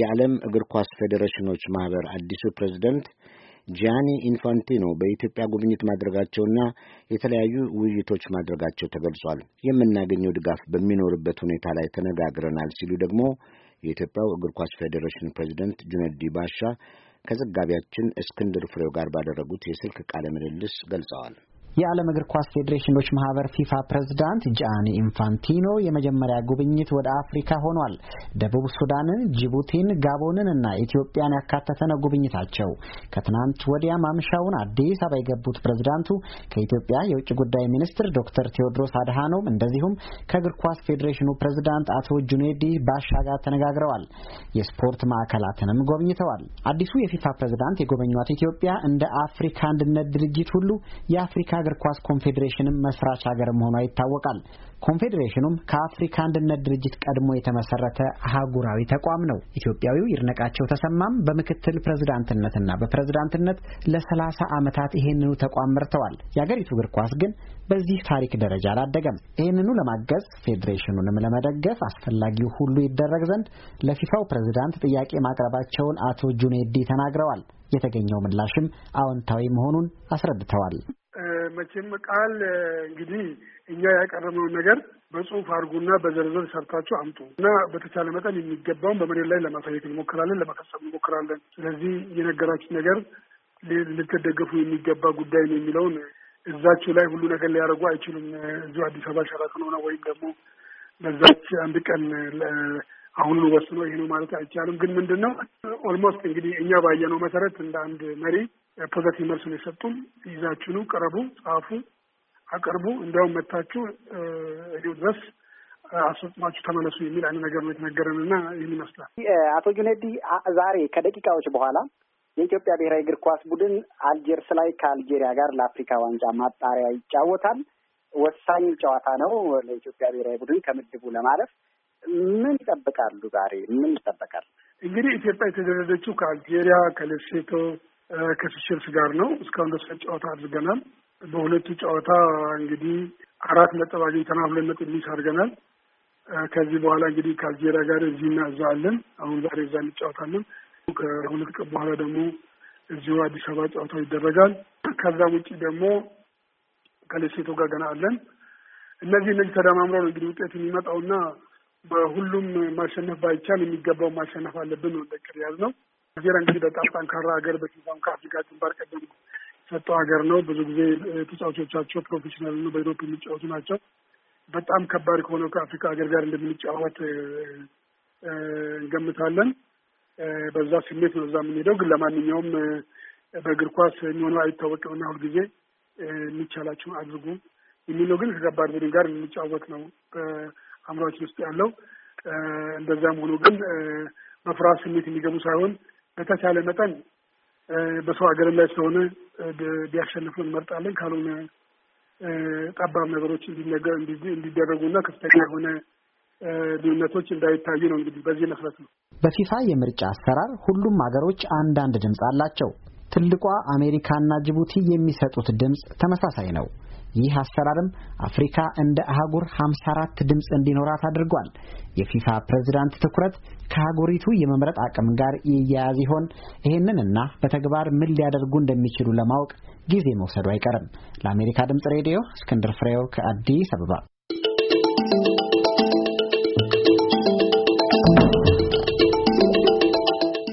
የዓለም እግር ኳስ ፌዴሬሽኖች ማኅበር አዲሱ ፕሬዚደንት ጂያኒ ኢንፋንቲኖ በኢትዮጵያ ጉብኝት ማድረጋቸውና የተለያዩ ውይይቶች ማድረጋቸው ተገልጿል። የምናገኘው ድጋፍ በሚኖርበት ሁኔታ ላይ ተነጋግረናል ሲሉ ደግሞ የኢትዮጵያው እግር ኳስ ፌዴሬሽን ፕሬዚደንት ጁነዲ ባሻ ከዘጋቢያችን እስክንድር ፍሬው ጋር ባደረጉት የስልክ ቃለ ምልልስ ገልጸዋል። የዓለም እግር ኳስ ፌዴሬሽኖች ማህበር ፊፋ ፕሬዝዳንት ጃኒ ኢንፋንቲኖ የመጀመሪያ ጉብኝት ወደ አፍሪካ ሆኗል። ደቡብ ሱዳንን፣ ጅቡቲን፣ ጋቦንን እና ኢትዮጵያን ያካተተ ነው ጉብኝታቸው። ከትናንት ወዲያ ማምሻውን አዲስ አበባ የገቡት ፕሬዝዳንቱ ከኢትዮጵያ የውጭ ጉዳይ ሚኒስትር ዶክተር ቴዎድሮስ አድሃኖም እንደዚሁም ከእግር ኳስ ፌዴሬሽኑ ፕሬዝዳንት አቶ ጁኔዲ ባሻ ጋር ተነጋግረዋል። የስፖርት ማዕከላትንም ጎብኝተዋል። አዲሱ የፊፋ ፕሬዝዳንት የጎበኟት ኢትዮጵያ እንደ አፍሪካ አንድነት ድርጅት ሁሉ የአፍሪካ እግር ኳስ ኮንፌዴሬሽንም መስራች ሀገር መሆኗ ይታወቃል። ኮንፌዴሬሽኑም ከአፍሪካ አንድነት ድርጅት ቀድሞ የተመሰረተ አህጉራዊ ተቋም ነው። ኢትዮጵያዊው ይድነቃቸው ተሰማም በምክትል ፕሬዝዳንትነትና በፕሬዝዳንትነት ለሰላሳ ዓመታት ይህንኑ ተቋም መርተዋል። የአገሪቱ እግር ኳስ ግን በዚህ ታሪክ ደረጃ አላደገም። ይህንኑ ለማገዝ ፌዴሬሽኑንም ለመደገፍ አስፈላጊው ሁሉ ይደረግ ዘንድ ለፊፋው ፕሬዝዳንት ጥያቄ ማቅረባቸውን አቶ ጁኔዲ ተናግረዋል። የተገኘው ምላሽም አዎንታዊ መሆኑን አስረድተዋል። መቼም ቃል እንግዲህ እኛ ያቀረብነውን ነገር በጽሁፍ አድርጉና በዝርዝር ሰርታችሁ አምጡ እና በተቻለ መጠን የሚገባውን በመሬት ላይ ለማሳየት እንሞክራለን፣ ለመፈጸም እንሞክራለን። ስለዚህ የነገራችን ነገር ልትደገፉ የሚገባ ጉዳይ ነው የሚለውን እዛችሁ ላይ ሁሉ ነገር ሊያደርጉ አይችሉም። እዚሁ አዲስ አበባ ሸራተን ሆነ ወይም ደግሞ በዛች አንድ ቀን አሁኑን ወስኖ ይሄ ነው ማለት አይቻልም። ግን ምንድን ነው ኦልሞስት እንግዲህ እኛ ባየነው መሰረት እንደ አንድ መሪ ፖዘቲቭ ነው የሰጡን። ይዛችሁኑ ቅረቡ፣ ጻፉ፣ አቅርቡ፣ እንዲያውም መታችሁ እዲሁ ድረስ አስፈጽማችሁ ተመለሱ የሚል አይነት ነገር ነው የተነገረን እና ይህን ይመስላል። አቶ ጁኔዲ ዛሬ ከደቂቃዎች በኋላ የኢትዮጵያ ብሔራዊ እግር ኳስ ቡድን አልጀርስ ላይ ከአልጄሪያ ጋር ለአፍሪካ ዋንጫ ማጣሪያ ይጫወታል። ወሳኝ ጨዋታ ነው ለኢትዮጵያ ብሔራዊ ቡድን ከምድቡ ለማለፍ። ምን ይጠብቃሉ? ዛሬ ምን ይጠበቃል? እንግዲህ ኢትዮጵያ የተደረደችው ከአልጄሪያ፣ ከሌሴቶ ከሽሽልስ ጋር ነው። እስካሁን ደስ ጨዋታ አድርገናል። በሁለቱ ጨዋታ እንግዲህ አራት ነጥብ አግኝተናል። ሁለት ነጥብ ሚስ አድርገናል። ከዚህ በኋላ እንግዲህ ከአልጄሪያ ጋር እዚህና እዛ አለን። አሁን ዛሬ እዛ እንጫወታለን። ከሁለት ቀን በኋላ ደግሞ እዚሁ አዲስ አበባ ጨዋታ ይደረጋል። ከዛ ውጭ ደግሞ ከሌሴቶ ጋር ገና አለን። እነዚህ እነዚህ ተደማምረው ነው እንግዲህ ውጤት የሚመጣውና በሁሉም ማሸነፍ ባይቻል የሚገባው ማሸነፍ አለብን ነው ያዝ ነው ናይጄሪያ እንግዲህ በጣም ጠንካራ ሀገር በፊፋም ከአፍሪካ ግንባር ቀደም ሰጠው ሀገር ነው። ብዙ ጊዜ ተጫዋቾቻቸው ፕሮፌሽናል ነው፣ በዩሮፕ የሚጫወቱ ናቸው። በጣም ከባድ ከሆነው ከአፍሪካ ሀገር ጋር እንደምንጫወት እንገምታለን። በዛ ስሜት ነው እዛ የምንሄደው። ግን ለማንኛውም በእግር ኳስ የሚሆነው አይታወቅምና ሁልጊዜ የሚቻላችሁን አድርጉ የሚለው ግን ከከባድ ቡድን ጋር የምንጫወት ነው በአእምሯችን ውስጥ ያለው። እንደዛም ሆኖ ግን መፍራት ስሜት የሚገቡ ሳይሆን በተቻለ መጠን በሰው ሀገር ላይ ስለሆነ ቢያሸንፉ እንመርጣለን። ካልሆነ ጠባብ ነገሮች እንዲደረጉና ከፍተኛ የሆነ ልዩነቶች እንዳይታዩ ነው። እንግዲህ በዚህ መሰረት ነው በፊፋ የምርጫ አሰራር ሁሉም ሀገሮች አንዳንድ ድምፅ አላቸው። ትልቋ አሜሪካና ጅቡቲ የሚሰጡት ድምፅ ተመሳሳይ ነው። ይህ አሰራርም አፍሪካ እንደ አህጉር 54 ድምፅ እንዲኖራት አድርጓል። የፊፋ ፕሬዝዳንት ትኩረት ከአህጉሪቱ የመምረጥ አቅም ጋር ይያያዝ ይሆን? ይህንንና በተግባር ምን ሊያደርጉ እንደሚችሉ ለማወቅ ጊዜ መውሰዱ አይቀርም። ለአሜሪካ ድምፅ ሬዲዮ እስክንድር ፍሬው ከአዲስ አበባ